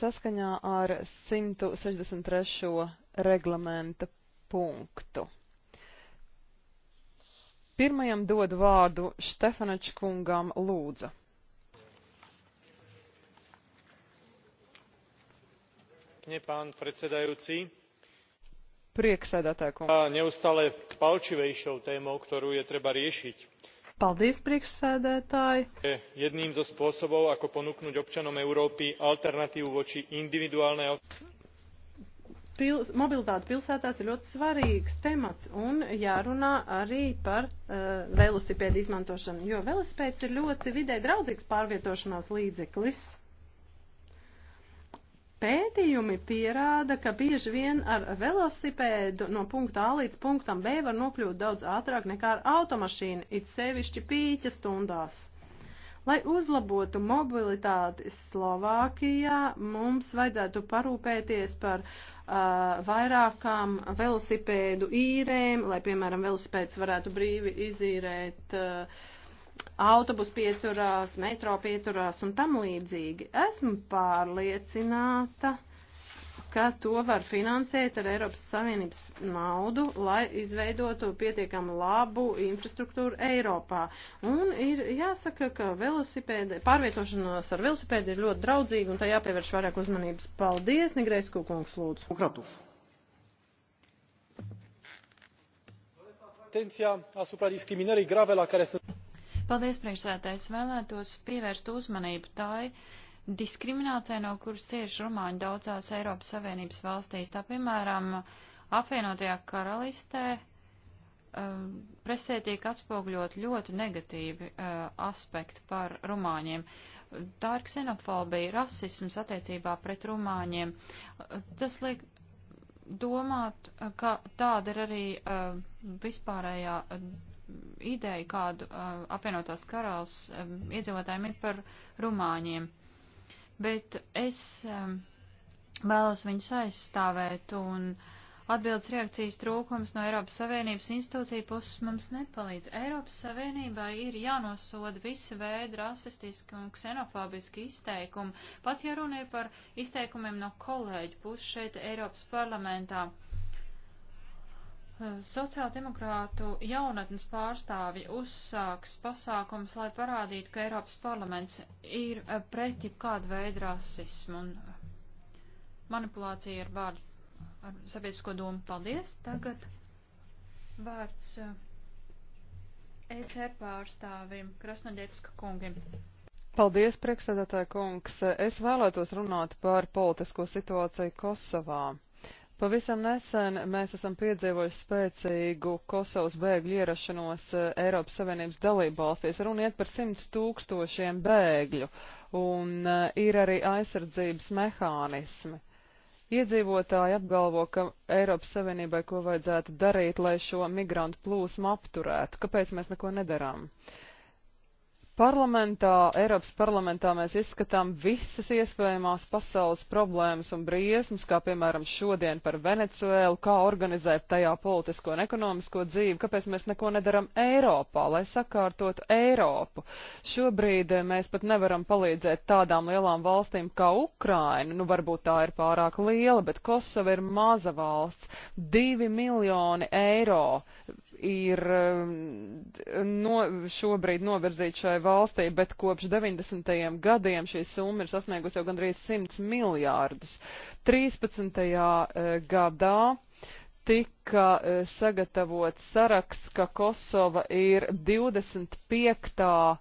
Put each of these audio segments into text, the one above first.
saskaņā ar 163. reglamenta punktu. Pirmajam dod vārdu Štefanečkungam Lūdza. Prieksēdētāju kungu. Neustále palčivejšou témou, ktorú je treba riešiť Paldies, priekšsēdētāji. Jedným zo spôsobov, ako ponúknuť občanom Európy alternatívu voči individuálnej Pil, mobilitāte pilsētās ir ļoti svarīgs temats un jārunā arī par uh, velosipēdu izmantošanu, jo velosipēds ir ļoti vidē draudzīgs pārvietošanās līdzeklis. Uh, Pētījumi pierāda, ka bieži vien ar velosipēdu no punkta A līdz punktam B var nokļūt daudz ātrāk nekā ar automašīnu, it sevišķi pīķa stundās. Lai uzlabotu mobilitāti Slovākijā, mums vajadzētu parūpēties par uh, vairākām velosipēdu īrēm, lai, piemēram, velosipēds varētu brīvi izīrēt uh, autobus pieturās, metro pieturās un tam līdzīgi. Esmu pārliecināta, ka to var finansēt ar Eiropas Savienības naudu, lai izveidotu pietiekam labu infrastruktūru Eiropā. Un ir jāsaka, ka velosipēde, pārvietošanās ar velosipēdu ir ļoti draudzīga un tā jāpievērš vairāk uzmanības. Paldies, Negreisku kungs, lūdzu. Kratuf. atenția asupra discriminării grave la care sunt Paldies, priekšsētājs. Vēlētos pievērst uzmanību tai diskriminācijai, no kuras cieši rumāņi daudzās Eiropas Savienības valstīs. Tā piemēram, apvienotajā karalistē um, presē tiek atspogļot ļoti negatīvi uh, aspekti par rumāņiem. Tā ir ksenofobija, rasisms attiecībā pret rumāņiem. Tas liek domāt, ka tāda ir arī uh, vispārējā ideju, kādu uh, apvienotās karals um, iedzīvotājiem ir par rumāņiem. Bet es um, vēlos viņus aizstāvēt, un atbildes reakcijas trūkums no Eiropas Savienības institūcija puses mums nepalīdz. Eiropas Savienībai ir jānosoda visi veidi rasistiski un ksenofobiski izteikumi, pat ja runa ir par izteikumiem no kolēģu puses šeit Eiropas parlamentā. Uh, Sociāldemokrātu jaunatnes pārstāvi uzsāks pasākums, lai parādītu, ka Eiropas parlaments ir eh, pret jebkādu veidu rasismu un eh, manipulāciju ar vārdu, ar sabiedrisko domu. Paldies! Tagad vārds ECR eh, e pārstāvim Krasnoģepska kungiem. Paldies, priekšsēdētāja kungs. Es vēlētos runāt par politisko situāciju Kosovā. Pavisam nesen mēs esam piedzīvojuši spēcīgu Kosovas bēgļu ierašanos eh, Eiropas Savienības dalību valstīs. Runa iet par simts tūkstošiem bēgļu, un eh, ir arī aizsardzības mehānismi. Iedzīvotāji apgalvo, ka Eiropas Savienībai ko vajadzētu darīt, lai šo migrantu plūsmu apturētu. Kāpēc mēs neko nedarām? Uh, Parlamentā, Eiropas parlamentā mēs izskatām visas iespējamās pasaules problēmas un briesmas, kā piemēram šodien par Venecuēlu, kā organizēt tajā politisko un ekonomisko dzīvi, kāpēc mēs neko nedaram Eiropā, lai sakārtotu Eiropu. Šobrīd eh, mēs pat nevaram palīdzēt tādām lielām valstīm kā Ukraina, nu varbūt tā ir pārāk liela, bet Kosova ir maza valsts, divi miljoni eiro ir eh, no, šobrīd novirzīta šai valstī, bet kopš 90. gadiem šī summa ir sasniegusi jau gandrīz 100 miljārdus. 13. Eh, gadā tika eh, sagatavots saraksts, ka Kosova ir 25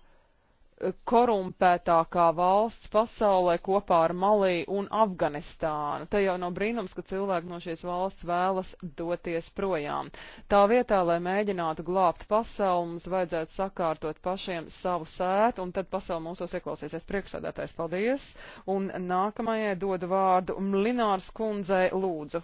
korumpētākā valsts pasaulē kopā ar Malī un Afganistānu. Te jau nav brīnums, ka cilvēki no šīs valsts vēlas doties projām. Tā vietā, lai mēģinātu glābt pasauli, mums vajadzētu sakārtot pašiem savu sētu, un tad pasauli mūsos ieklausīsies priekšsēdētājs. Paldies! Un nākamajai dodu vārdu Mlinārs kundzei Lūdzu.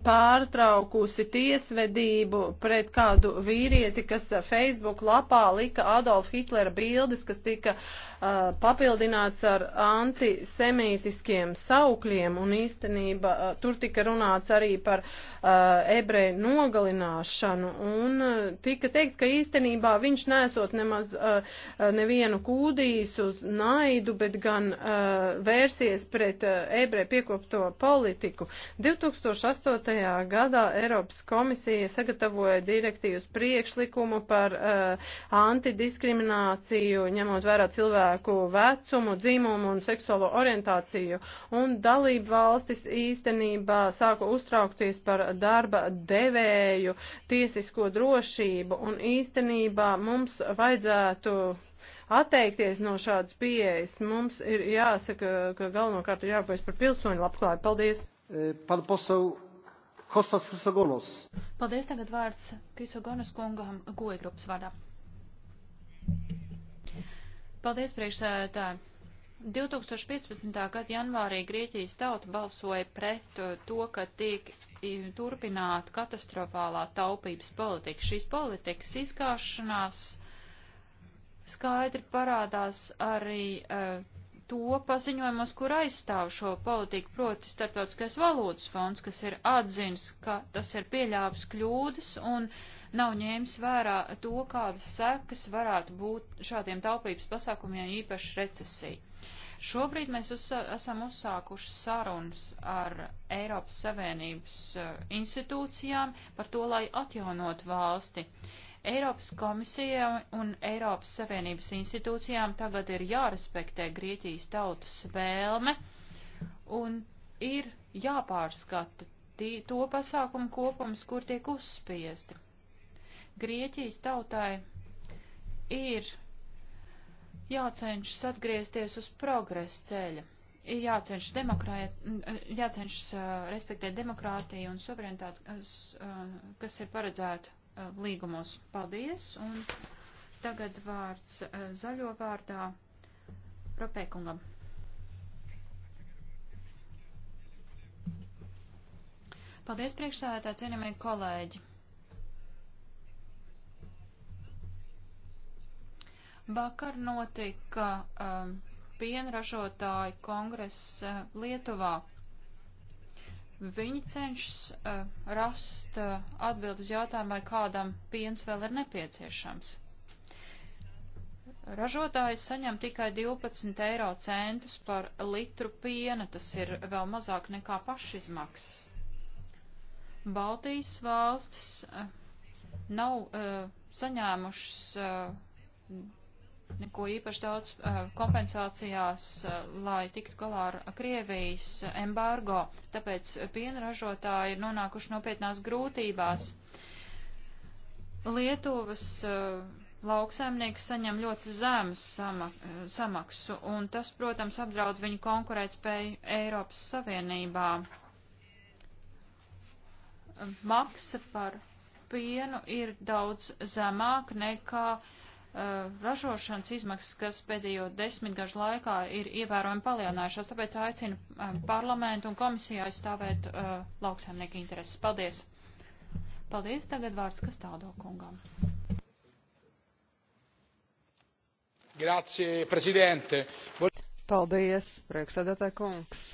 pārtraukusi tiesvedību pret kādu vīrieti, kas eh, Facebook lapā lika Adolf Hitlera bildes, kas tika uh, papildināts ar antisemītiskiem saukļiem, un īstenībā uh, eh, tur tika runāts arī par uh, ebreju nogalināšanu, un uh, tika teikt, ka īstenībā viņš nesot nemaz uh, nevienu kūdīs uz naidu, bet gan uh, vērsies pret uh, ebreju piekopto politiku. 2008 2008. gadā Eiropas komisija sagatavoja direktīvas priekšlikumu par uh, antidiskrimināciju, ņemot vērā cilvēku vecumu, dzimumu un seksuālo orientāciju. Un dalību valstis īstenībā sāka uztraukties par darba devēju tiesisko drošību. Un īstenībā mums vajadzētu atteikties no šādas pieejas. Mums ir jāsaka, ka galvenokārt ir jāpēc par pilsoņu labklājību. Paldies! Eh, pan poseł Kostas Krisogonos. Paldies, tagad vārds Krisogonas kungam goja grupas vadā. Paldies, priekšsēdētāji. 2015. gada janvārī Grieķijas tauta balsoja pret uh, to, ka tiek turpināta katastrofālā taupības politika. Šīs politikas izkāšanās skaidri parādās arī uh, to paziņojumos, kur aizstāv šo politiku, proti Startautiskais valūtas fonds, kas ir atzins, ka tas ir pieļāvis kļūdas un nav ņēmis vērā to, kādas sekas varētu būt šādiem taupības pasākumiem īpaši recesija. Šobrīd mēs uzsā, esam uzsākuši sarunas ar Eiropas Savienības uh, institūcijām par to, lai atjaunot valsti. Uh, Eiropas komisija un Eiropas Savienības institūcijām tagad ir jārespektē Grieķijas tautas vēlme un ir jāpārskata tī, to pasākumu kopums, kur tiek uzspiesti. Grieķijas tautai ir jācenšas atgriezties uz progresa ceļa, ir jācenšas, jācenšas uh, respektēt demokrātiju un suverenitāti, kas, uh, kas ir paredzēta Uh, līgumos. Paldies! Un tagad vārds uh, zaļo vārdā Ropēkungam. Paldies priekšsēdētā, cienījamie kolēģi! Vakar notika um, uh, pienražotāju kongress uh, Lietuvā. Viņi cenšas uh, rast uh, atbild uz jautājumu, vai kādam piens vēl ir nepieciešams. Ražotājs saņem tikai 12 eiro centus par litru piena, tas ir vēl mazāk nekā pašizmaksas. Baltijas valstis uh, nav uh, saņēmušas uh, neko īpaši daudz eh, kompensācijās, eh, lai tiktu galā ar Krievijas embargo, tāpēc pienražotāji ir nonākuši nopietnās grūtībās. Lietuvas eh, lauksaimnieks saņem ļoti zemes sama, samaksu, un tas, protams, apdraud viņu konkurētspēju Eiropas Savienībā. Maksa par pienu ir daudz zemāk nekā uh, Uh, ražošanas izmaksas, kas pēdējo desmitgažu laikā ir ievērojami palielinājušās, tāpēc aicinu um, parlamentu un komisiju aizstāvēt uh, lauksaimnieku intereses. Paldies! Paldies! Tagad vārds Kastādo kungam. Grazie, prezidente! Paldies, priekšsēdētāj kungs!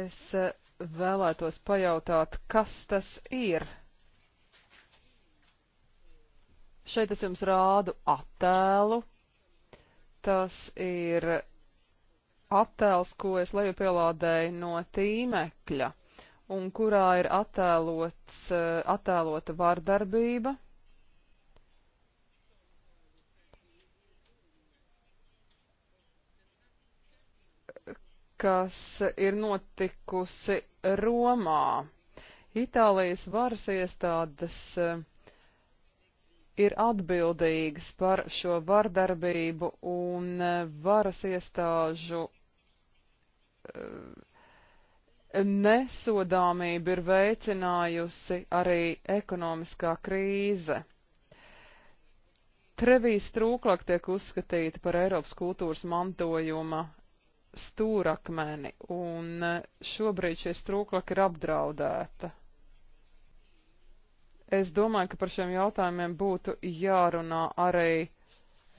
Es uh, vēlētos pajautāt, kas tas ir Šeit es jums rādu attēlu. Tas ir attēls, ko es lejupielādēju no tīmekļa, un kurā ir attēlots, eh, attēlota vardarbība. kas ir notikusi Romā. Itālijas varas iestādes uh, ir atbildīgas par šo vardarbību un eh, varas iestāžu eh, nesodāmību ir veicinājusi arī ekonomiskā krīze. Trevijas trūklāk tiek uzskatīta par Eiropas kultūras mantojuma stūrakmeni, un eh, šobrīd šie strūklaki ir apdraudēta. Es domāju, ka par šiem jautājumiem būtu jārunā arī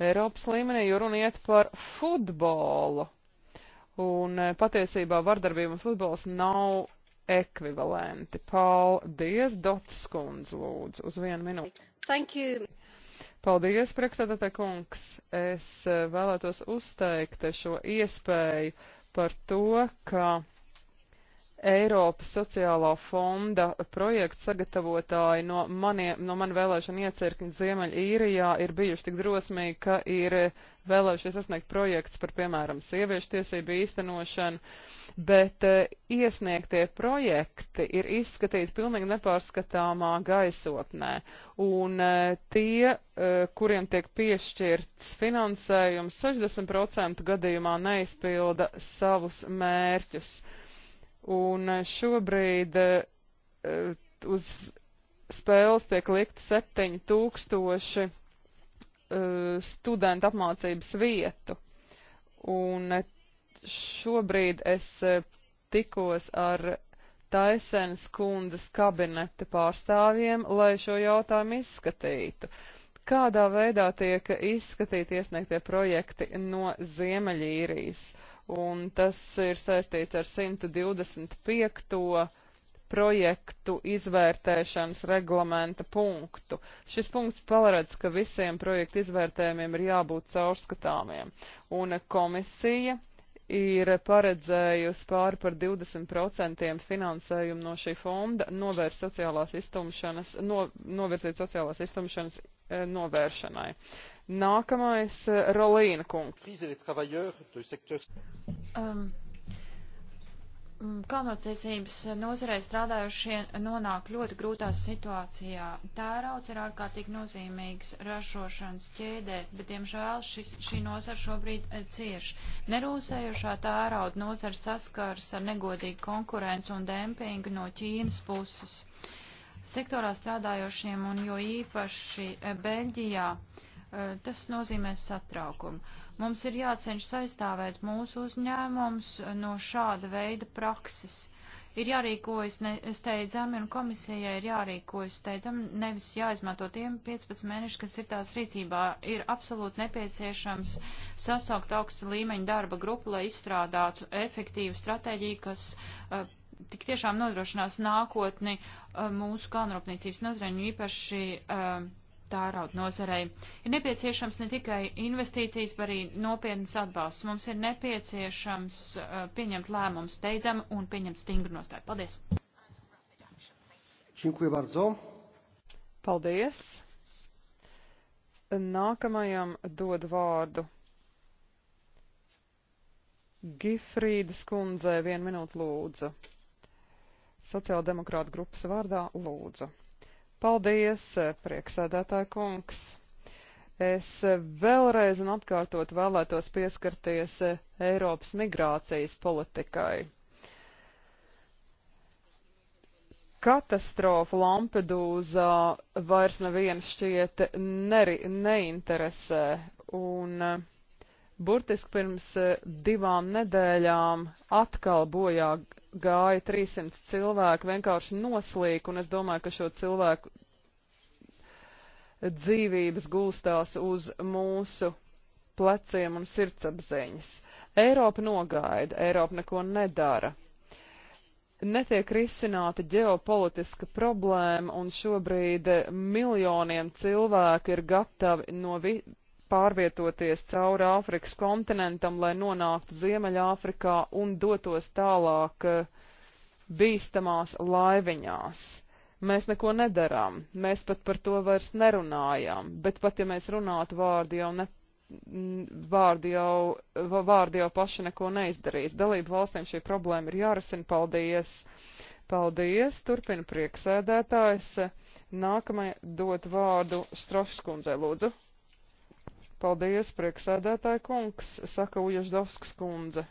Eiropas līmenī, jo runa iet par futbolu. Un e, patiesībā vardarbība un futbols nav ekvivalenti. Paldies, Dots kundz, lūdzu, uz vienu minūti. Thank you. Paldies, priekšstādātā kungs. Es e, vēlētos uzteikt šo iespēju par to, ka Eiropas sociālā fonda projekta sagatavotāji no, manie, no man vēlēšana iecirkņa Ziemeļīrijā ir bijuši tik drosmīgi, ka ir vēlējušies sasniegt projekts par, piemēram, sieviešu tiesību īstenošanu, bet e, iesniegtie projekti ir izskatīti pilnīgi nepārskatāmā gaisotnē, un e, tie, e, kuriem tiek piešķirts finansējums, 60% gadījumā neizpilda savus mērķus un eh, šobrīd eh, eh, uz spēles tiek likti 7000 studentu apmācības vietu. Un šobrīd es tikos ar Taisens kundzes kabineta pārstāvjiem, lai šo jautājumu izskatītu. Kādā veidā tiek izskatīti iesniegtie projekti no Ziemeļīrijas? Uh, un tas ir saistīts ar 125. projektu izvērtēšanas reglamenta punktu. Šis punkts paredz, ka visiem projektu izvērtējumiem ir jābūt caurskatāmiem, un komisija ir paredzējusi pāri par 20% finansējumu no šī fonda novērst sociālās iztumšanas, no, novirzīt sociālās iztumšanas eh, novēršanai. Nākamais eh, - Rolīna kungs. Um, mm, Kalnocīcības nozarē strādājušie nonāk ļoti grūtā situācijā. Tērauds ir ārkārtīgi nozīmīgs ražošanas ķēdē, bet, diemžēl, šis, šī nozara šobrīd eh, cieš. Nerūsējušā tērauda nozara saskars ar negodīgu konkurenci un dempingu no Ķīnas puses. Sektorā strādājošiem un jo īpaši eh, Beļģijā. Uh, Eh, tas nozīmē satraukumu. Mums ir jācenšas aizstāvēt mūsu uzņēmums eh, no šāda veida prakses. Ir jārīkojas ne, steidzami un komisijai ir jārīkojas steidzami, nevis jāizmanto tiem 15 mēneši, kas ir tās rīcībā. Ir absolūti nepieciešams sasaukt augsta līmeņa darba grupu, lai izstrādātu efektīvu stratēģiju, kas uh, tik tiešām nodrošinās nākotni uh, mūsu kalnrūpniecības nozreņu īpaši. Uh, tārauda nozarei. Ir nepieciešams ne tikai investīcijas, bet arī nopietnas atbalsts. Mums ir nepieciešams uh, pieņemt lēmumus steidzam un pieņemt stingru nostāju. Paldies! Paldies! Nākamajam dod vārdu. Gifrīdas kundzei vienu minūtu lūdzu. Sociāldemokrāta grupas vārdā lūdzu. Paldies, eh, prieksēdētāja kungs! Es eh, vēlreiz un atkārtot vēlētos pieskarties eh, Eiropas migrācijas politikai. katastrofa Lampedūzā vairs nevienu šķiet neri, neinteresē. Un burtiski pirms divām nedēļām atkal bojā gāja 300 cilvēku vienkārši noslīk, un es domāju, ka šo cilvēku dzīvības gulstās uz mūsu pleciem un sirdsapziņas. Eiropa nogaida, Eiropa neko nedara. Netiek risināta ģeopolitiska problēma, un šobrīd miljoniem cilvēku ir gatavi no vi pārvietoties cauri Āfrikas kontinentam, lai nonāktu Ziemeļāfrikā un dotos tālāk eh, bīstamās laiviņās. Mēs neko nedarām, mēs pat par to vairs nerunājam, bet pat ja mēs runātu vārdu jau ne, vārdu jau, vārdu jau paši neko neizdarīs. Dalību valstīm šī problēma ir jārasina, paldies! Paldies, turpina prieksēdētājs. Nākamai dot vārdu Strofskundzei, lūdzu. Paldies, prieksēdētāja kungs, saka Ujaždovskas kundze.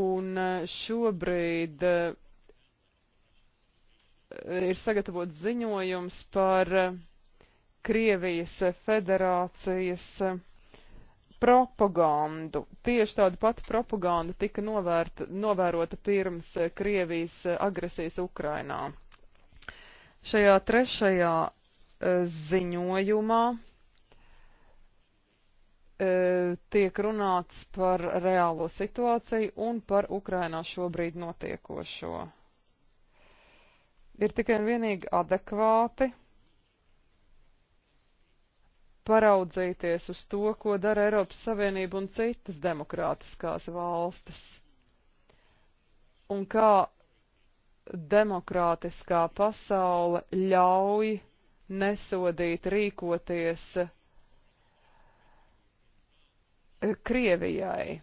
Un e, šobrīd e, ir sagatavot ziņojums par e, Krievijas federācijas propagandu. Tieši tāda pati propaganda tika novērta, novērota pirms Krievijas agresijas Ukrainā. Šajā trešajā e, ziņojumā e, tiek runāts par reālo situāciju un par Ukrainā šobrīd notiekošo. Ir tikai un vienīgi adekvāti paraudzīties uz to, ko dara Eiropas Savienība un citas demokrātiskās valstis. Un kā demokrātiskā pasaule ļauj nesodīt rīkoties Krievijai.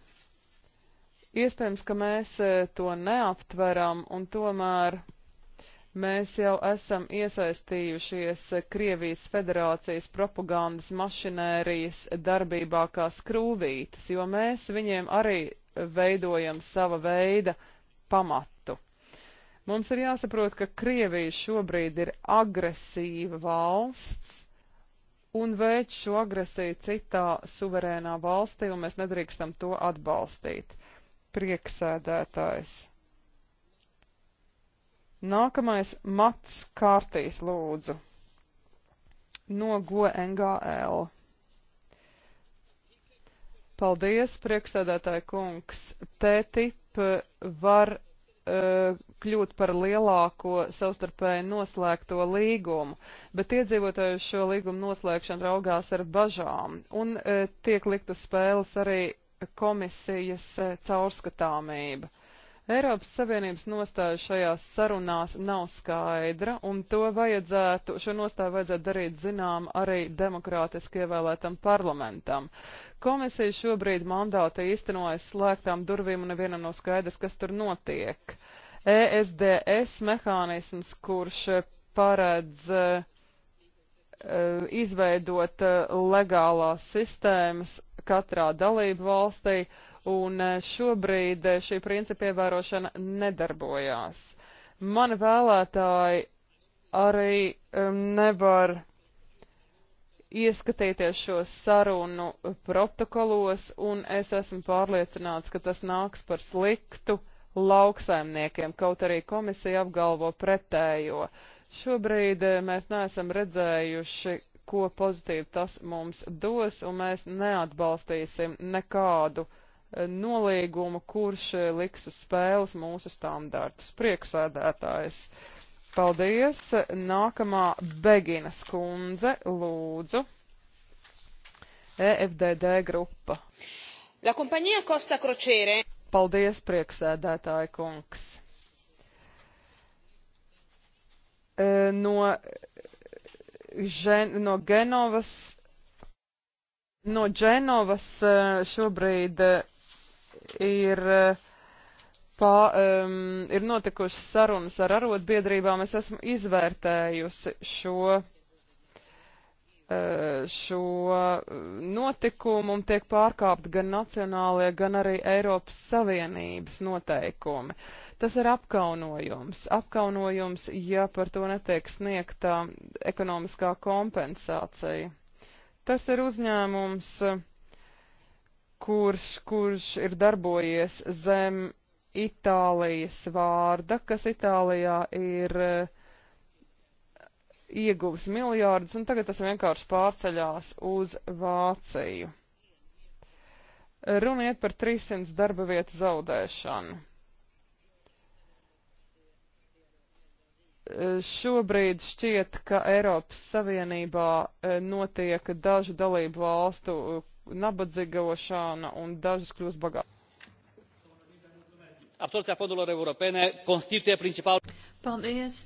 Iespējams, ka mēs e, to neaptveram un tomēr mēs jau esam iesaistījušies Krievijas federācijas propagandas mašinērijas darbībā kā skrūvītas, jo mēs viņiem arī veidojam sava veida pamatu Mums ir jāsaprot, ka Krievija šobrīd ir agresīva valsts un veic šo agresiju citā suverēnā valstī, un mēs nedrīkstam to atbalstīt. Prieksēdētājs. Nākamais mats kārtīs lūdzu. No GNGL. Paldies, priekšstādātāja kungs. T-tip var Eh, kļūt par lielāko savstarpēji noslēgto līgumu, bet iedzīvotāji uz šo līgumu noslēgšanu raugās ar bažām un eh, tiek likt uz spēles arī komisijas eh, caurskatāmība. Eiropas Savienības nostāja šajās sarunās nav skaidra, un to vajadzētu, šo nostāju vajadzētu darīt zinām arī demokrātiski ievēlētam parlamentam. Komisija šobrīd mandāta īstenojas slēgtām durvīm un nevienam nav skaidrs, kas tur notiek. ESDS mehānisms, kurš paredz uh, izveidot uh, legālās sistēmas katrā dalību valstī, uh, un eh, šobrīd eh, šī principa ievērošana nedarbojās. Mani vēlētāji arī um, nevar ieskatīties šo sarunu protokolos, un es esmu pārliecināts, ka tas nāks par sliktu lauksaimniekiem, kaut arī komisija apgalvo pretējo. Šobrīd eh, mēs neesam redzējuši, ko pozitīvi tas mums dos, un mēs neatbalstīsim nekādu uh, nolīgumu, kurš eh, liks uz spēles mūsu standārtus. Prieksēdētājs. Paldies. Nākamā Beginas kundze, lūdzu. EFDD grupa. La kompānija Costa Crociere. Paldies, prieksēdētāja kungs. E, no, žen, no Genovas. No Dženovas e, šobrīd e, ir, pā, um, ir notikušas sarunas ar arotbiedrībām. Es esmu izvērtējusi šo eh, šo notikumu un tiek pārkāpt gan nacionālie, gan arī Eiropas Savienības noteikumi. Tas ir apkaunojums. Apkaunojums, ja par to netiek sniegta ekonomiskā kompensācija. Tas ir uzņēmums, uh, kurš, kurš ir darbojies zem Itālijas vārda, kas Itālijā ir eh, ieguvis miljārdus, un tagad tas vienkārši pārceļās uz Vāciju. Runiet par 300 darba vietu zaudēšanu. Eh, šobrīd šķiet, ka Eiropas Savienībā eh, notiek dažu dalību valstu nabadzīgošana un dažas kļūst bagātākas. Absorpția fondurilor europene constituie principalul. Paldies!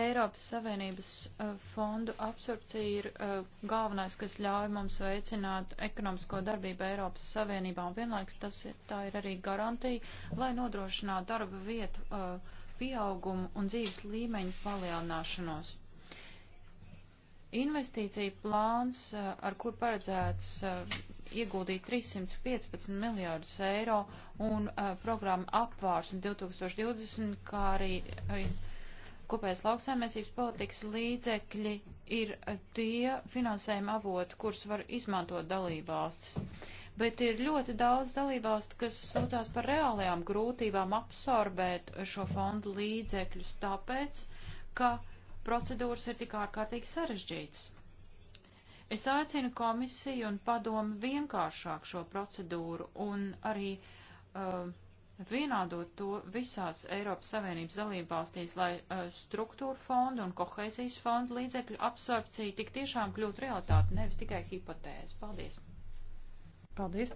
Eiropas Savienības uh, fondu absorpcija ir uh, galvenais, kas ļauj mums veicināt ekonomisko darbību Eiropas Savienībā, un vienlaiks tas ir, tā ir arī garantija, lai nodrošinātu darba vietu uh, pieaugumu un dzīves līmeņu palielināšanos investīcija plāns, eh, ar kur paredzēts eh, ieguldīt 315 miljārdus eiro un eh, programma apvārsnes 2020, kā arī kopējas lauksaimniecības politikas līdzekļi ir tie finansējuma avoti, kurus var izmantot dalībvalstis. Bet ir ļoti daudz dalībvalstu, kas saucās par reālajām grūtībām absorbēt šo fondu līdzekļus tāpēc, ka uh, procedūras ir tik ārkārtīgi sarežģītas. Es aicinu komisiju un padomu vienkāršāk šo procedūru un arī uh, vienādot to visās Eiropas Savienības dalībvalstīs, lai uh, struktūra fonda un kohēzijas fonda līdzekļu absorpcija tik tiešām kļūtu realitāte, nevis tikai hipotēze. Paldies! Paldies!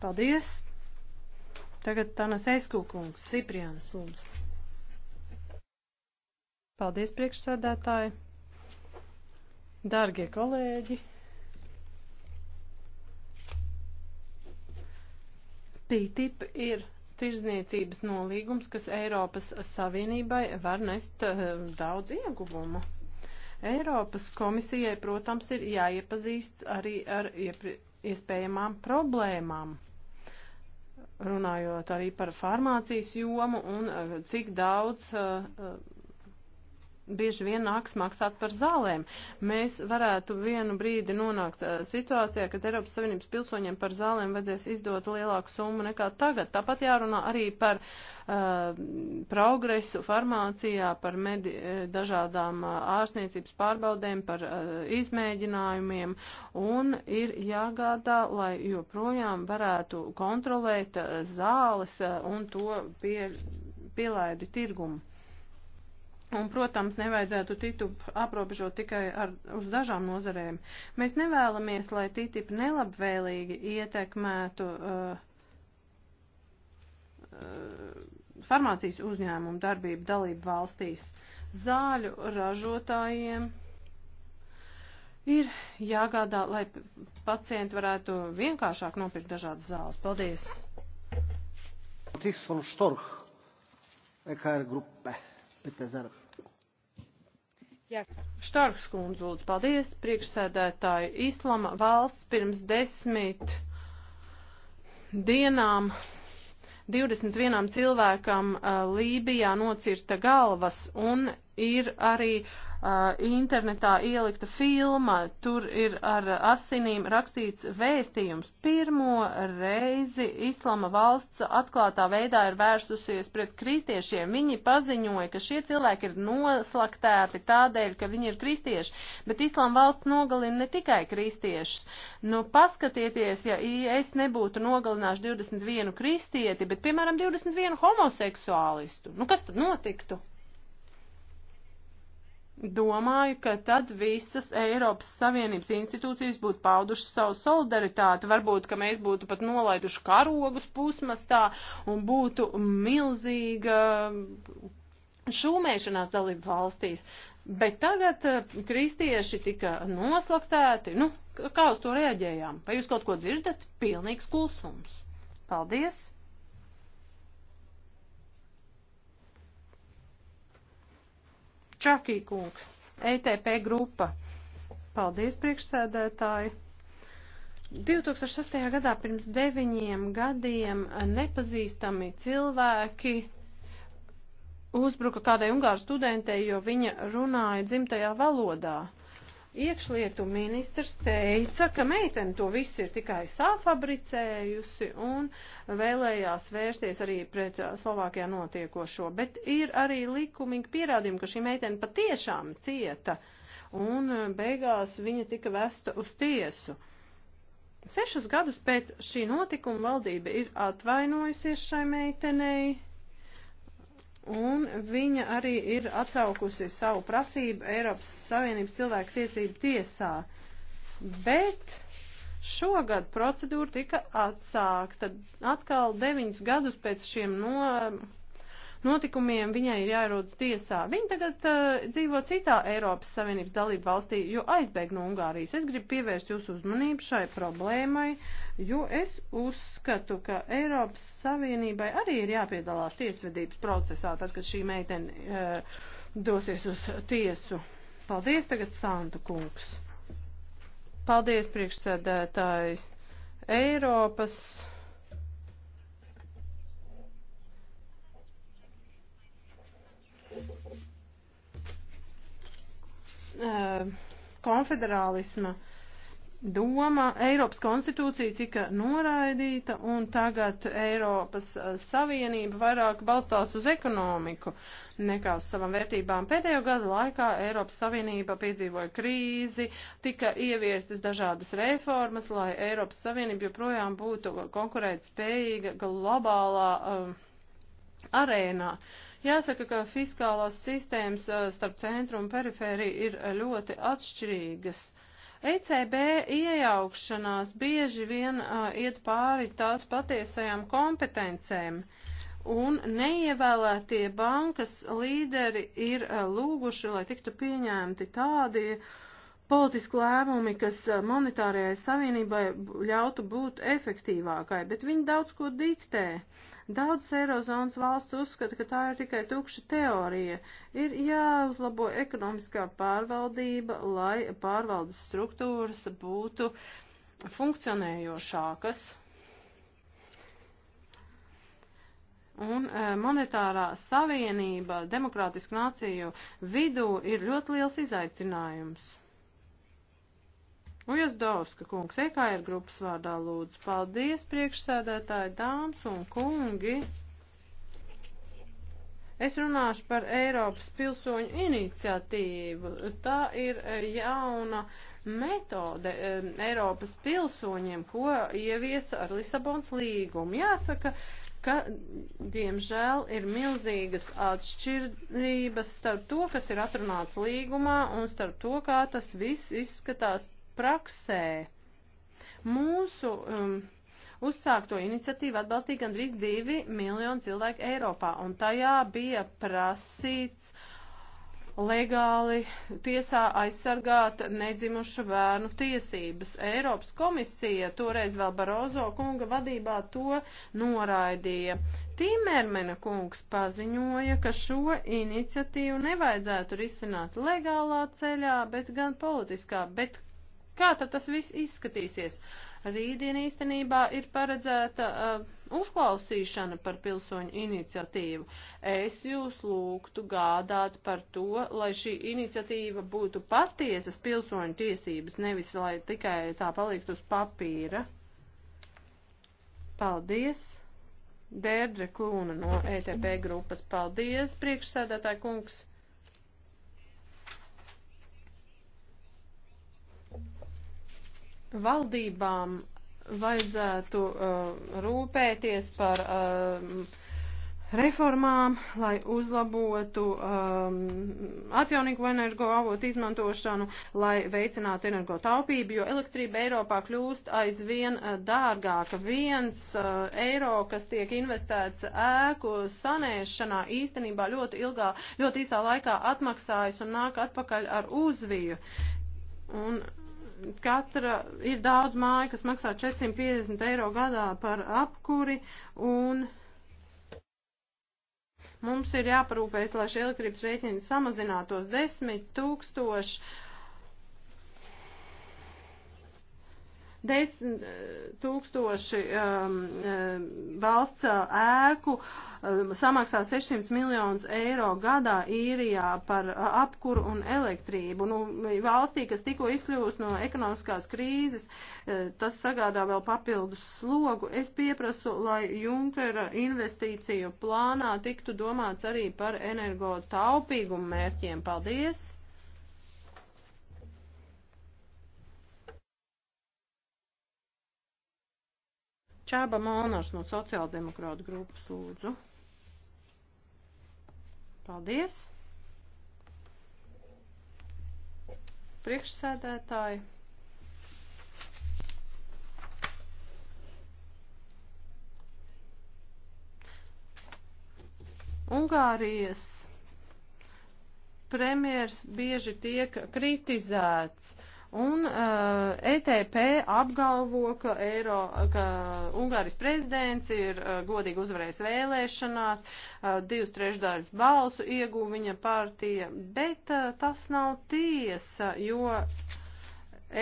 Paldies! Tagad Tanas Eiskūkungs, Cipriāns, lūdzu. Paldies, priekšsēdētāji. Dārgie kolēģi. TTIP ir tirzniecības nolīgums, kas Eiropas Savienībai var nest eh, daudz ieguvumu. Eiropas komisijai, protams, ir jāiepazīsts arī ar iespējamām problēmām runājot arī par farmācijas jomu un eh, cik daudz uh, bieži vien nāks maksāt par zālēm. Mēs varētu vienu brīdi nonākt situācijā, kad Eiropas Savienības pilsoņiem par zālēm vajadzēs izdot lielāku summu nekā tagad. Tāpat jārunā arī par uh, progresu farmācijā, par medi, dažādām ārstniecības pārbaudēm, par uh, izmēģinājumiem un ir jāgādā, lai joprojām varētu kontrolēt zāles un to pie, pielaidi tirgumu. Un, protams, nevajadzētu TTIP aprobežot tikai ar, uz dažām nozarēm. Mēs nevēlamies, lai TTIP nelabvēlīgi ietekmētu uh, uh, farmācijas uzņēmumu darbību dalību valstīs. Zāļu ražotājiem ir jāgādā, lai pacienti varētu vienkāršāk nopirkt dažādas zāles. Paldies! Tiks von Storch, EKR gruppe. Bitte, Sarah. Jā. Štārks kundze, lūdzu, paldies. Priekšsēdētāji Islama valsts pirms desmit dienām 21 cilvēkam Lībijā nocirta galvas un ir arī uh, internetā ielikta filma, tur ir ar asinīm rakstīts vēstījums. Pirmo reizi Islama valsts atklātā veidā ir vērsusies pret kristiešiem. Viņi paziņoja, ka šie cilvēki ir noslaktēti tādēļ, ka viņi ir kristieši, bet Islama valsts nogalina ne tikai kristiešus. Nu, paskatieties, ja es nebūtu nogalinājuši 21 kristieti, bet, piemēram, 21 homoseksuālistu. Nu, kas tad notiktu? Domāju, ka tad visas Eiropas Savienības institūcijas būtu paudušas savu solidaritāti, varbūt, ka mēs būtu pat nolaiduši karogus pusmastā un būtu milzīga šūmēšanās dalību valstīs. Bet tagad eh, kristieši tika noslaktēti. Nu, kā uz to reaģējām? Vai jūs kaut ko dzirdat? Pilnīgs klusums. Paldies! Čakī kungs, ETP grupa. Paldies, priekšsēdētāji. 2006. gadā pirms deviņiem gadiem nepazīstami cilvēki uzbruka kādai ungāru studentei, jo viņa runāja dzimtajā valodā. Iekšlietu ministrs teica, ka meitene to visu ir tikai sāfabricējusi un vēlējās vērsties arī pret Slovākijā notiekošo, bet ir arī likumīgi pierādījumi, ka šī meitene patiešām cieta un beigās viņa tika vesta uz tiesu. Sešus gadus pēc šī notikuma valdība ir atvainojusies šai meitenei Un viņa arī ir atsaukusi savu prasību Eiropas Savienības cilvēku tiesību tiesā. Bet šogad procedūra tika atsākta. Atkal deviņus gadus pēc šiem no, notikumiem viņai ir jāierodas tiesā. Viņa tagad uh, dzīvo citā Eiropas Savienības dalību valstī, jo aizbēg no Ungārijas. Es gribu pievērst jūsu uzmanību šai problēmai. Uh, jo es uzskatu, ka Eiropas Savienībai arī ir jāpiedalās tiesvedības procesā, tad, kad šī meitene e, dosies uz tiesu. Paldies tagad, Santa kungs. Paldies, priekšsēdētāji Eiropas. Eh, konfederālisma uh, doma, Eiropas konstitūcija tika noraidīta un tagad Eiropas eh, Savienība vairāk balstās uz ekonomiku nekā uz savām vērtībām. Pēdējo gadu laikā Eiropas Savienība piedzīvoja krīzi, tika ieviestas dažādas reformas, lai Eiropas Savienība joprojām būtu konkurētspējīga globālā um, arēnā. Jāsaka, ka fiskālās sistēmas eh, starp centru un perifēriju ir ļoti atšķirīgas. Uh, ECB iejaukšanās bieži vien uh, iet pāri tās patiesajām kompetencēm, un neievēlētie bankas līderi ir uh, lūguši, lai tiktu pieņemti tādi politiski lēmumi, kas monetārajai savienībai ļautu būt efektīvākai, bet viņi daudz ko diktē. Uh, Daudzas Eirozonas valsts uzskata, ka tā ir tikai tukša teorija. Ir jāuzlabo ekonomiskā pārvaldība, lai pārvaldes struktūras būtu funkcionējošākas. Un e, monetārā savienība demokrātisku nāciju vidū ir ļoti liels izaicinājums. Ujazdovska kungs, EKR grupas vārdā lūdzu. Paldies, priekšsēdētāji, dāmas un kungi. Es runāšu par Eiropas pilsoņu iniciatīvu. Tā ir eh, jauna metode eh, Eiropas pilsoņiem, ko ieviesa ar Lisabons līgumu. Jāsaka, ka, diemžēl, ir milzīgas atšķirības starp to, kas ir atrunāts līgumā, un starp to, kā tas viss izskatās praksē. Mūsu um, uzsākto iniciatīvu atbalstīja gandrīz 2 miljoni cilvēku Eiropā, un tajā bija prasīts legāli tiesā aizsargāt nedzimušu bērnu tiesības. Eiropas komisija toreiz vēl Barozo kunga vadībā to noraidīja. Tīmērmena kungs paziņoja, ka šo iniciatīvu nevajadzētu risināt legālā ceļā, bet gan politiskā, bet Kā tad tas viss izskatīsies? Rītdien īstenībā ir paredzēta uh, uzklausīšana par pilsoņu iniciatīvu. Es jūs lūgtu gādāt par to, lai šī iniciatīva būtu patiesas pilsoņu tiesības, nevis lai tikai tā palikt uz papīra. Paldies! Dērdre Klūna no ETP grupas. Paldies, priekšsēdētāji kungs! Valdībām vajadzētu uh, rūpēties par uh, reformām, lai uzlabotu um, atjaunīgo energo avotu izmantošanu, lai veicinātu energo taupību, jo elektrība Eiropā kļūst aizvien uh, dārgāka. Viens uh, eiro, kas tiek investēts ēku sanēšanā, īstenībā ļoti ilgā, ļoti īsā laikā atmaksājas un nāk atpakaļ ar uzviju. Un, uh, katra ir daudz māju, kas maksā 450 eiro gadā par apkuri un mums ir jāparūpējas, lai šie elektrības rēķini samazinātos 10 tūkstoši Desmit eh, tūkstoši um, valsts eh, ēku um, samaksā 600 miljonus eiro gadā īrijā par apkuru un elektrību. Nu, valstī, kas tikko izkļūst no ekonomiskās krīzes, tas sagādā vēl papildus slogu. Es pieprasu, lai Junkera investīciju plānā tiktu domāts arī par energo taupīgumu mērķiem. Paldies! Čāba Molnars no sociāldemokrāta grupas lūdzu. Paldies. Priekšsēdētāji. Ungārijas premjers bieži tiek kritizēts. Uh, Un uh, eh, ETP apgalvo, ka, Eiro, ka Ungāris prezidents ir uh, godīgi uzvarējis vēlēšanās, uh, divas trešdaļas balsu ieguva viņa partija, bet uh, tas nav tiesa, jo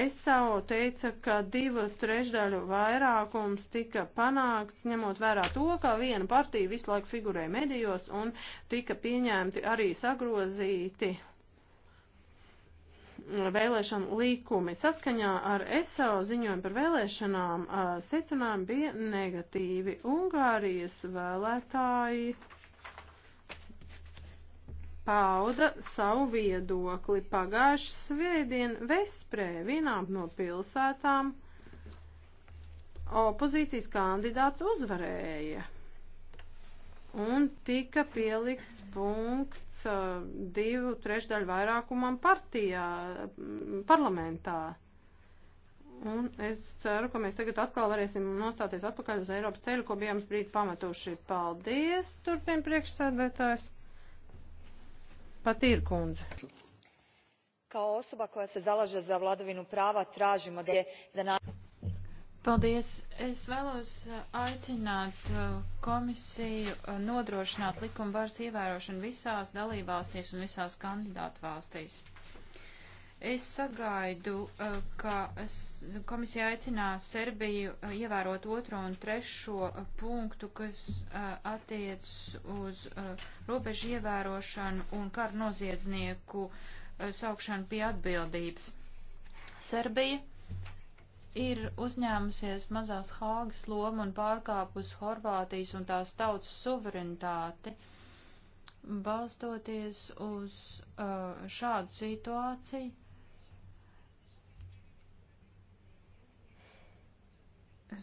Es savu teicu, ka divu trešdaļu vairākums tika panākts, ņemot vērā to, ka viena partija visu laiku figurēja medijos un tika pieņemti arī sagrozīti vēlēšanu līkumi. Saskaņā ar ESO ziņojumu par vēlēšanām secinājumi bija negatīvi. Ungārijas vēlētāji pauda savu viedokli pagājuši svētdien Vesprē, vienā no pilsētām. Opozīcijas kandidāts uzvarēja un tika pielikts punkts eh, divu trešdaļu vairākumam partijā, mm, parlamentā. Un es ceru, ka mēs tagad atkal varēsim nostāties atpakaļ uz Eiropas ceļu, ko bijām brīdi pametuši. Paldies, turpin priekšsēdētājs. Patīr kundze. Kao osoba koja se zalaže za vladavinu prava tražimo da je da Paldies. Es vēlos eh, aicināt eh, komisiju eh, nodrošināt likuma varas ievērošanu visās dalībvalstīs un visās kandidātu valstīs. Es sagaidu, ka komisija aicinās Serbiju ievērot otro un trešo punktu, kas attiec uz robežu ievērošanu un karu noziedznieku saukšanu pie atbildības. Serbija ir uzņēmusies mazās Hāgas lomu un pārkāpus Horvātijas un tās tautas suverenitāti, balstoties uz uh, šādu situāciju.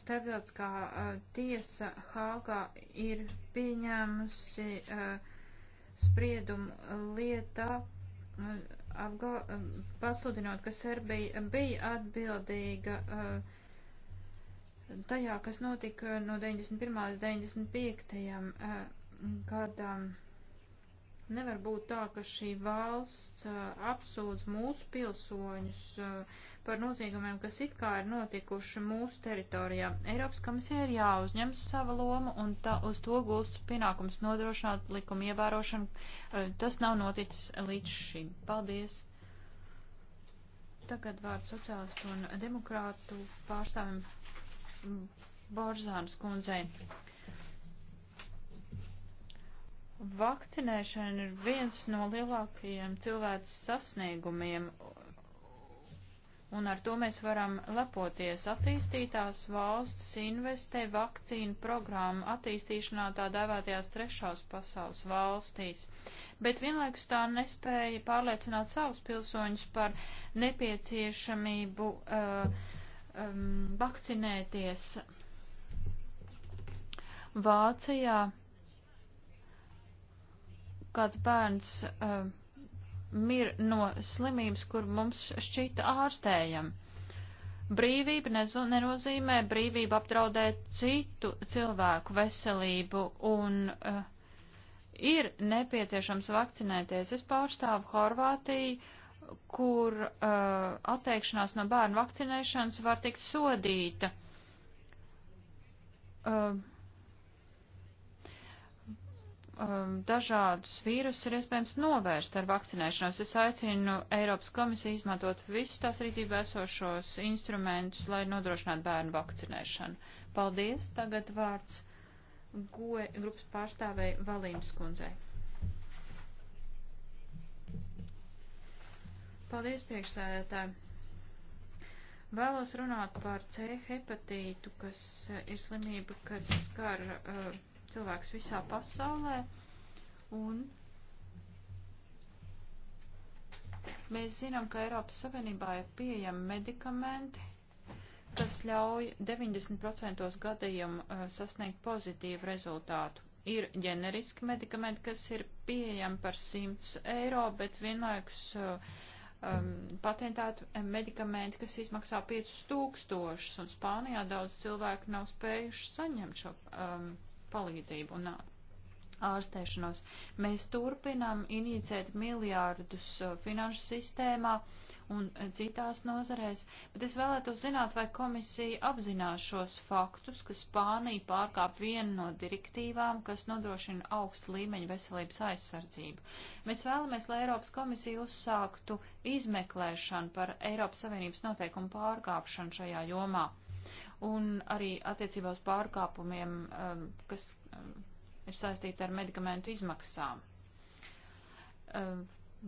Starptautiskā uh, tiesa Hāgā ir pieņēmusi uh, spriedumu lietā. Uh, apga, um, pasludinot, ka Serbija um, bija atbildīga uh, tajā, kas notika no 91. līdz 95. Uh, gadam. Nevar būt tā, ka šī valsts apsūdz mūsu pilsoņus par noziegumiem, kas it kā ir notikuši mūsu teritorijā. Eiropas komisija ir jāuzņems sava loma un tā, uz to gulst pienākums nodrošināt likuma ievērošanu. Tas nav noticis līdz šim. Paldies! Tagad vārds sociālistu un demokrātu pārstāvim Borzānas kundzei. Vakcinēšana ir viens no lielākajiem cilvēks sasniegumiem, un ar to mēs varam lepoties. Attīstītās valstis investē vakcīnu programmu attīstīšanā tā dēvētajās trešās pasaules valstīs, bet vienlaikus tā nespēja pārliecināt savus pilsoņus par nepieciešamību uh, um, vakcinēties. Vācijā kāds bērns uh, mir no slimības, kur mums šķita ārstējam. Brīvība nezu, nenozīmē brīvību apdraudēt citu cilvēku veselību un uh, ir nepieciešams vakcinēties. Es pārstāvu Horvātiju, kur uh, atteikšanās no bērnu vakcinēšanas var tikt sodīta. Uh, um, dažādus vīrusus ir iespējams novērst ar vakcinēšanos. Es aicinu Eiropas komisiju izmantot visus tās rīcībā esošos instrumentus, lai nodrošinātu bērnu vakcinēšanu. Paldies. Tagad vārds GOE grupas pārstāvēja Valīnas kundzei. Paldies, priekšsēdētāji. Vēlos runāt par C hepatītu, kas ir slimība, kas skar. Uh, cilvēkus visā pasaulē. Un mēs zinām, ka Eiropas Savienībā ir pieejami medikamenti, kas ļauj 90% gadījumu eh, sasniegt pozitīvu rezultātu. Ir ģeneriski medikamenti, kas ir pieejami par 100 eiro, bet vienlaikus uh, um, patentētu eh, medikamenti, kas izmaksā 5000, un Spānijā daudz cilvēku nav spējuši saņemt šo um, palīdzību un uh, ārstēšanos. Mēs turpinām inicēt miljārdus uh, finanšu sistēmā un uh, citās nozarēs, bet es vēlētos zināt, vai komisija apzinās šos faktus, ka Spānija pārkāp vienu no direktīvām, kas nodrošina augstu līmeņu veselības aizsardzību. Mēs vēlamies, lai Eiropas komisija uzsāktu izmeklēšanu par Eiropas Savienības noteikumu pārkāpšanu šajā jomā un arī attiecībā uz pārkāpumiem, um, kas um, ir saistīti ar medikamentu izmaksām. Um,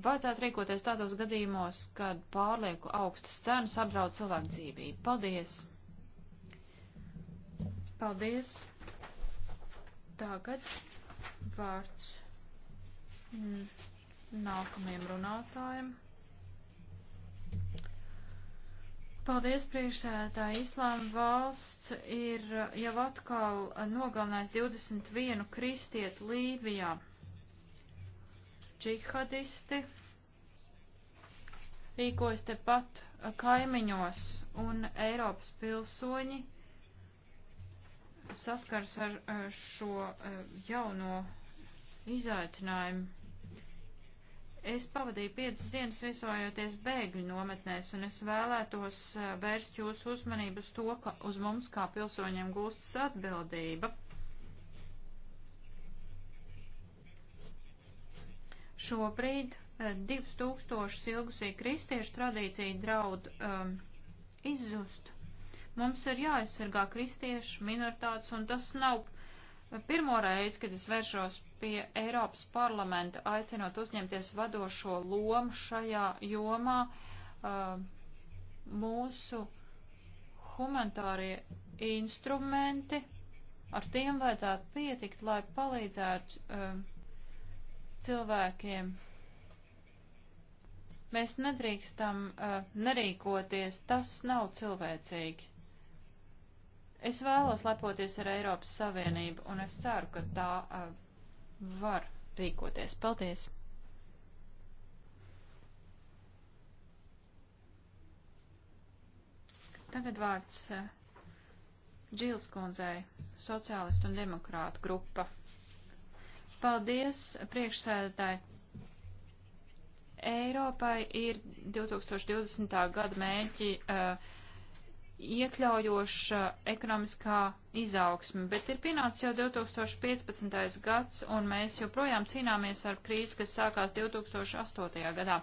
vajadzētu rīkoties tādos gadījumos, kad pārlieku augstas cenas apdraud cilvēku dzīvību. Paldies! Paldies! Tagad vārds mm, nākamajam runātājam. Paldies, priekšsēdētāji. Islāma valsts ir jau atkal nogalinājis 21 kristietu Lībijā. Džihadisti rīkojas tepat kaimiņos un Eiropas pilsoņi saskars ar šo eh, jauno izaicinājumu. Es pavadīju piecas dienas viesojoties bēgļu nometnēs, un es vēlētos eh, vērst jūsu uzmanību uz to, ka uz mums kā pilsoņiem gūstas atbildība. Šobrīd 2000 eh, ilgusī kristiešu tradīcija draud um, izzust. Mums ir jāaizsargā kristiešu minoritātes, un tas nav Pirmo reizi, kad es vēršos pie Eiropas parlamenta, aicinot uzņemties vadošo lomu šajā jomā, uh, mūsu humanitārie instrumenti, ar tiem vajadzētu pietikt, lai palīdzētu uh, cilvēkiem. Mēs nedrīkstam uh, nerīkoties, tas nav cilvēcīgi. Es vēlos lepoties ar Eiropas Savienību, un es ceru, ka tā uh, var rīkoties. Paldies! Tagad vārds uh, Džils kundzei, sociālistu un demokrātu grupa. Paldies, priekšsēdētāji! Eiropai ir 2020. gada mēģi uh, iekļaujoša ekonomiskā izaugsme, bet ir pienācis jau 2015. gads, un mēs joprojām cīnāmies ar krīzi, kas sākās 2008. gadā.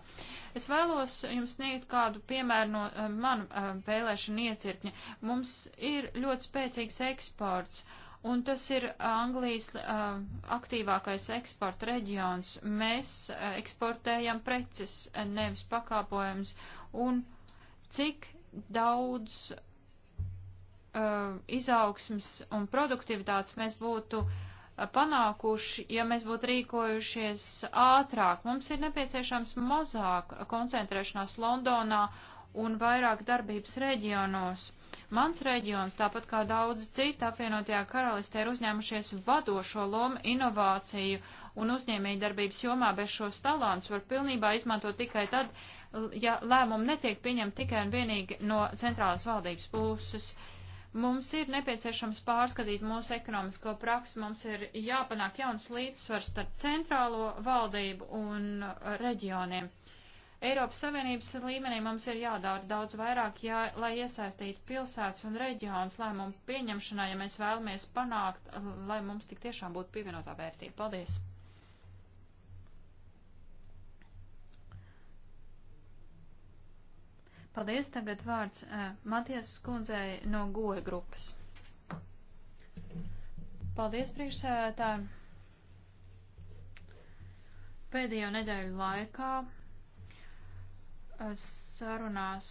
Es vēlos jums sniegt kādu piemēru no uh, eh, manu uh, eh, vēlēšanu iecirkņa. Mums ir ļoti spēcīgs eksports, un tas ir Anglijas uh, aktīvākais eksporta reģions. Mēs eksportējam preces, nevis pakāpojums, un cik daudz uh, izaugsmas un produktivitātes mēs būtu uh, panākuši, ja mēs būtu rīkojušies ātrāk. Mums ir nepieciešams mazāk koncentrēšanās Londonā un vairāk darbības reģionos. Mans reģions, tāpat kā daudzi citi apvienotajā karalistē, ir uzņēmušies vadošo lomu inovāciju un uzņēmēju darbības jomā, bet šos talantus var pilnībā izmantot tikai tad, ja lēmumi netiek pieņemti tikai un vienīgi no centrālās valdības puses. Mums ir nepieciešams pārskatīt mūsu ekonomisko praksi, mums ir jāpanāk jauns līdzsvars starp centrālo valdību un reģioniem. Eiropas Savienības līmenī mums ir jādara daudz vairāk, jā, lai iesaistītu pilsētas un reģionus lēmumu pieņemšanā, ja mēs vēlamies panākt, lai mums tik tiešām būtu pievienotā vērtība. Paldies! Paldies, tagad vārds uh, eh, Matiesas kundzei no goja grupas. Paldies, priekšsēdētāji! Pēdējo nedēļu laikā sarunās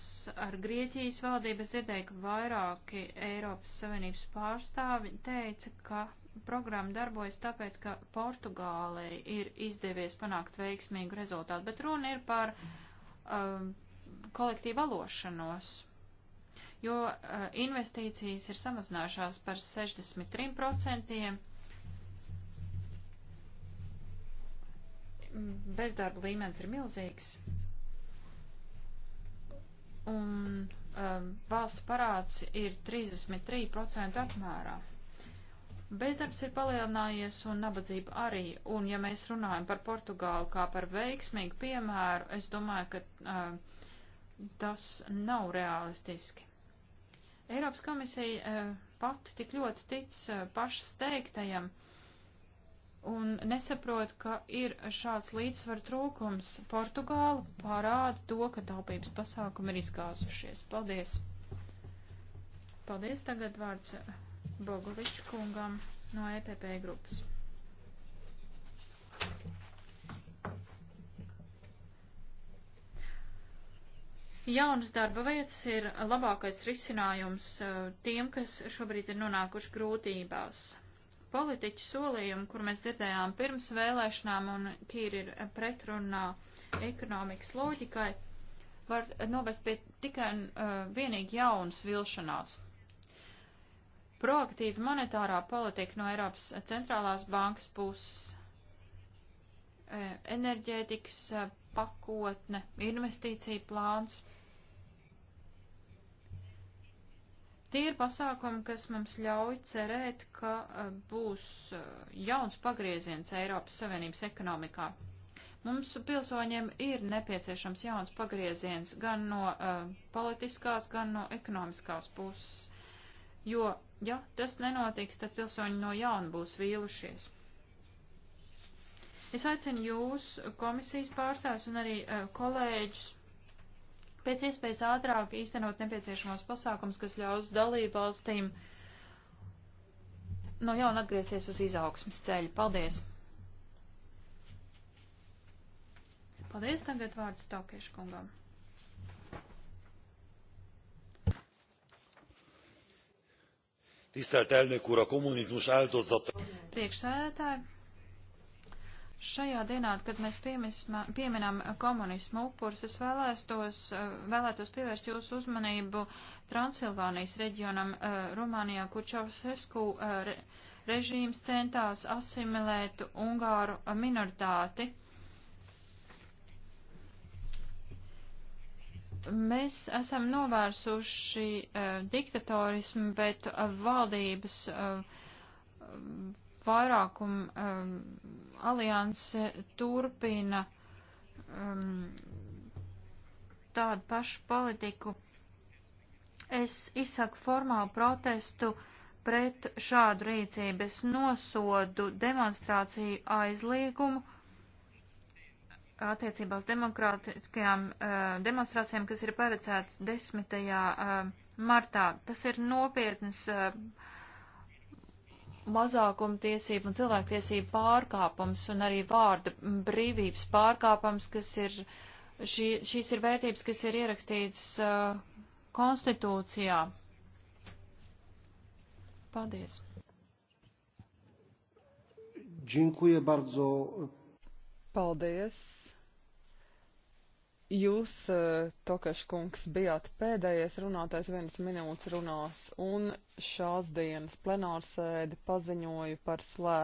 ar Grieķijas valdību es dzirdēju, ka vairāki Eiropas Savienības pārstāvi teica, ka programma darbojas tāpēc, ka Portugālei ir izdevies panākt veiksmīgu rezultātu, bet runa ir par um, kolektīvu alošanos, jo uh, investīcijas ir samazinājušās par 63%. Bezdarba līmenis ir milzīgs un um, valsts parāds ir 33% apmērā. Bezdarbs ir palielinājies un nabadzība arī, un ja mēs runājam par Portugālu kā par veiksmīgu piemēru, es domāju, ka uh, tas nav realistiski. Eiropas komisija uh, pati tik ļoti tic uh, pašas teiktajam, uh, un nesaprot, ka ir šāds līdzsvar trūkums. Portugāla parāda to, ka taupības pasākumi ir izgāzušies. Paldies! Paldies tagad vārds Bogoviču kungam no EPP grupas. Jaunas darba vietas ir labākais risinājums eh, tiem, kas šobrīd ir nonākuši grūtībās politiķu solījumu, kur mēs dzirdējām pirms vēlēšanām un tīri ir pretrunā ekonomikas loģikai, var novest pie tikai un uh, vienīgi jaunas vilšanās. Proaktīva monetārā politika no Eiropas centrālās bankas puses, uh, enerģētikas uh, pakotne, investīcija plāns. Tie ir pasākumi, kas mums ļauj cerēt, ka eh, būs eh, jauns pagrieziens Eiropas Savienības ekonomikā. Mums pilsoņiem ir nepieciešams jauns pagrieziens gan no uh, politiskās, gan no ekonomiskās puses, jo, ja tas nenotiks, tad pilsoņi no jauna būs vīlušies. Es aicinu jūs, komisijas pārstāvs un arī uh, kolēģus, pēc iespējas ātrāk īstenot nepieciešamos pasākums, kas ļaus dalību valstīm no jauna atgriezties uz izaugsmas ceļu. Paldies! Paldies, tagad vārds Taukiešu kungam. Tisztelt elnök úr, a kommunizmus áldozata. Priekšsēdētāji, Šajā dienā, kad mēs pieminam komunismu upurus, es vēlētos, eh, vēlētos pievērst jūsu uzmanību Transilvānijas reģionam eh, Rumānijā, kur Čaušesku eh, režīms centās asimilēt ungāru minoritāti. Mēs esam novērsuši diktatorismu, bet valdības vairākuma um, alianse turpina um, tādu pašu politiku. Es izsaku formālu protestu pret šādu rīcību. Es nosodu demonstrāciju aizliegumu attiecībā uz demokrātiskajām uh, demonstrācijām, kas ir paredzētas 10. Uh, martā. Tas ir nopietnas uh, mazākumtiesību un cilvēktiesību pārkāpums un arī vārda brīvības pārkāpums, kas ir, šī, šīs ir vērtības, kas ir ierakstītas uh, konstitūcijā. Paldies. Dziękuję bardzo. Paldies. Jūs, eh, Tokaškungs, bijāt pēdējais runātais vienas minūtes runās, un šās dienas plenārsēdi paziņoju par slēgtu.